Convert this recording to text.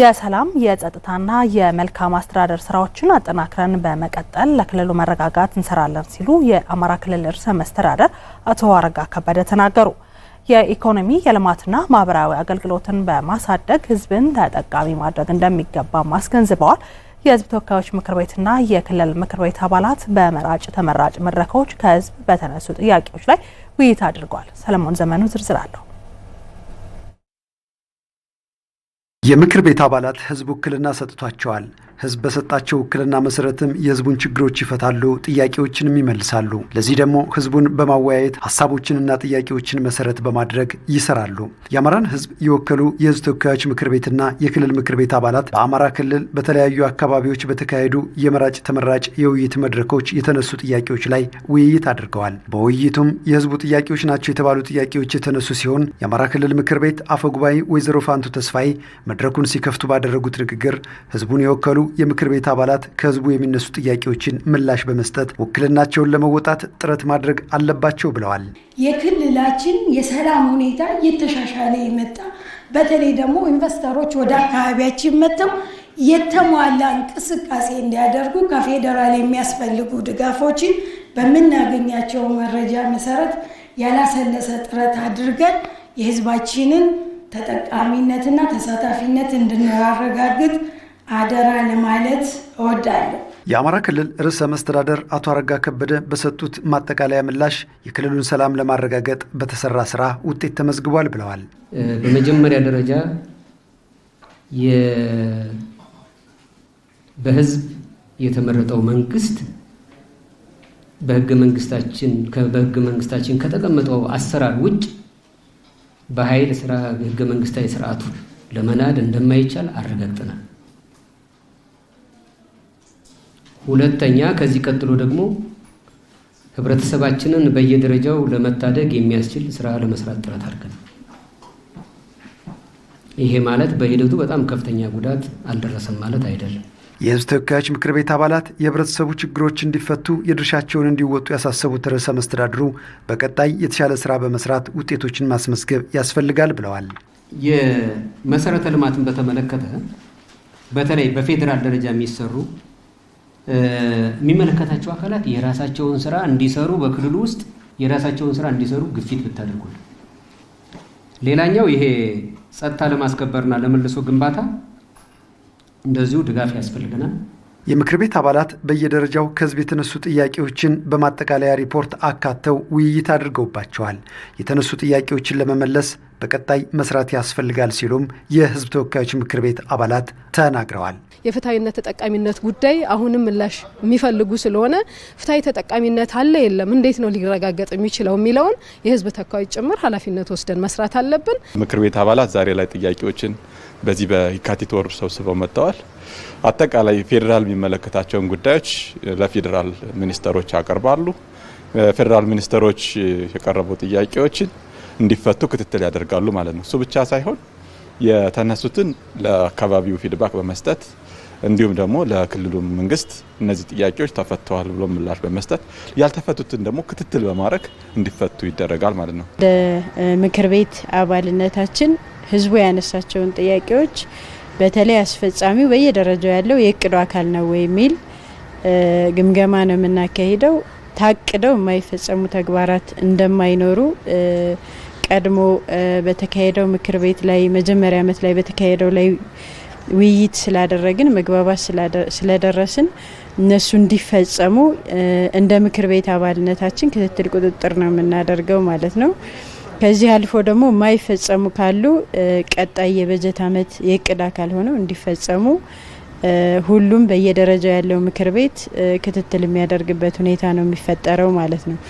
የሰላም የጸጥታና የመልካም አስተዳደር ስራዎችን አጠናክረን በመቀጠል ለክልሉ መረጋጋት እንሰራለን ሲሉ የአማራ ክልል ርዕሰ መስተዳደር አቶ አረጋ ከበደ ተናገሩ። የኢኮኖሚ የልማትና ማህበራዊ አገልግሎትን በማሳደግ ህዝብን ተጠቃሚ ማድረግ እንደሚገባ አስገንዝበዋል። የህዝብ ተወካዮች ምክር ቤትና የክልል ምክር ቤት አባላት በመራጭ ተመራጭ መድረኮች ከህዝብ በተነሱ ጥያቄዎች ላይ ውይይት አድርገዋል። ሰለሞን ዘመኑ ዝርዝር አለው። የምክር ቤት አባላት ህዝብ ውክልና ሰጥቷቸዋል። ህዝብ በሰጣቸው ውክልና መሰረትም የህዝቡን ችግሮች ይፈታሉ፣ ጥያቄዎችንም ይመልሳሉ። ለዚህ ደግሞ ህዝቡን በማወያየት ሀሳቦችንና ጥያቄዎችን መሰረት በማድረግ ይሰራሉ። የአማራን ህዝብ የወከሉ የህዝብ ተወካዮች ምክር ቤትና የክልል ምክር ቤት አባላት በአማራ ክልል በተለያዩ አካባቢዎች በተካሄዱ የመራጭ ተመራጭ የውይይት መድረኮች የተነሱ ጥያቄዎች ላይ ውይይት አድርገዋል። በውይይቱም የህዝቡ ጥያቄዎች ናቸው የተባሉ ጥያቄዎች የተነሱ ሲሆን የአማራ ክልል ምክር ቤት አፈጉባኤ ወይዘሮ ፋንቱ ተስፋዬ መድረኩን ሲከፍቱ ባደረጉት ንግግር ህዝቡን የወከሉ የምክር ቤት አባላት ከህዝቡ የሚነሱ ጥያቄዎችን ምላሽ በመስጠት ውክልናቸውን ለመወጣት ጥረት ማድረግ አለባቸው ብለዋል። የክልላችን የሰላም ሁኔታ እየተሻሻለ የመጣ በተለይ ደግሞ ኢንቨስተሮች ወደ አካባቢያችን መጥተው የተሟላ እንቅስቃሴ እንዲያደርጉ ከፌዴራል የሚያስፈልጉ ድጋፎችን በምናገኛቸው መረጃ መሰረት ያላሰለሰ ጥረት አድርገን የህዝባችንን ተጠቃሚነትና ተሳታፊነት እንድናረጋግጥ አደራ ለማለት እወዳለሁ። የአማራ ክልል ርዕሰ መስተዳደር አቶ አረጋ ከበደ በሰጡት ማጠቃለያ ምላሽ የክልሉን ሰላም ለማረጋገጥ በተሰራ ስራ ውጤት ተመዝግቧል ብለዋል። በመጀመሪያ ደረጃ በህዝብ የተመረጠው መንግስት በህገ መንግስታችን በህገ መንግስታችን ከተቀመጠው አሰራር ውጭ በኃይል ህገ መንግስታዊ ስርዓቱ ለመናድ እንደማይቻል አረጋግጠናል። ሁለተኛ ከዚህ ቀጥሎ ደግሞ ህብረተሰባችንን በየደረጃው ለመታደግ የሚያስችል ስራ ለመስራት ጥረት አድርገናል። ይሄ ማለት በሂደቱ በጣም ከፍተኛ ጉዳት አልደረሰም ማለት አይደለም። የህዝብ ተወካዮች ምክር ቤት አባላት የህብረተሰቡ ችግሮች እንዲፈቱ የድርሻቸውን እንዲወጡ ያሳሰቡት ርዕሰ መስተዳድሩ በቀጣይ የተሻለ ስራ በመስራት ውጤቶችን ማስመዝገብ ያስፈልጋል ብለዋል። የመሰረተ ልማትን በተመለከተ በተለይ በፌዴራል ደረጃ የሚሰሩ የሚመለከታቸው አካላት የራሳቸውን ስራ እንዲሰሩ በክልሉ ውስጥ የራሳቸውን ስራ እንዲሰሩ ግፊት ብታደርጉል። ሌላኛው ይሄ ጸጥታ ለማስከበርና ለመልሶ ግንባታ እንደዚሁ ድጋፍ ያስፈልገናል። የምክር ቤት አባላት በየደረጃው ከህዝብ የተነሱ ጥያቄዎችን በማጠቃለያ ሪፖርት አካተው ውይይት አድርገውባቸዋል። የተነሱ ጥያቄዎችን ለመመለስ በቀጣይ መስራት ያስፈልጋል ሲሉም የህዝብ ተወካዮች ምክር ቤት አባላት ተናግረዋል። የፍትሐዊነት ተጠቃሚነት ጉዳይ አሁንም ምላሽ የሚፈልጉ ስለሆነ ፍትሐዊ ተጠቃሚነት አለ የለም፣ እንዴት ነው ሊረጋገጥ የሚችለው የሚለውን የህዝብ ተወካዮች ጭምር ኃላፊነት ወስደን መስራት አለብን። ምክር ቤት አባላት ዛሬ ላይ ጥያቄዎችን በዚህ በየካቲት ወር ሰብስበው መጥተዋል። አጠቃላይ ፌዴራል የሚመለከታቸውን ጉዳዮች ለፌዴራል ሚኒስተሮች ያቀርባሉ። ፌዴራል ሚኒስተሮች የቀረቡ ጥያቄዎችን እንዲፈቱ ክትትል ያደርጋሉ ማለት ነው። እሱ ብቻ ሳይሆን የተነሱትን ለአካባቢው ፊድባክ በመስጠት እንዲሁም ደግሞ ለክልሉ መንግስት እነዚህ ጥያቄዎች ተፈተዋል ብሎ ምላሽ በመስጠት ያልተፈቱትን ደግሞ ክትትል በማድረግ እንዲፈቱ ይደረጋል ማለት ነው። እንደ ምክር ቤት አባልነታችን ህዝቡ ያነሳቸውን ጥያቄዎች በተለይ አስፈጻሚው በየደረጃው ያለው የእቅዱ አካል ነው ወይ የሚል ግምገማ ነው የምናካሂደው። ታቅደው የማይፈጸሙ ተግባራት እንደማይኖሩ ቀድሞ በተካሄደው ምክር ቤት ላይ መጀመሪያ ዓመት ላይ በተካሄደው ላይ ውይይት ስላደረግን መግባባት ስለደረስን እነሱ እንዲፈጸሙ እንደ ምክር ቤት አባልነታችን ክትትል ቁጥጥር ነው የምናደርገው ማለት ነው። ከዚህ አልፎ ደግሞ የማይፈጸሙ ካሉ ቀጣይ የበጀት ዓመት የእቅድ አካል ሆነው እንዲፈጸሙ ሁሉም በየደረጃው ያለው ምክር ቤት ክትትል የሚያደርግበት ሁኔታ ነው የሚፈጠረው ማለት ነው።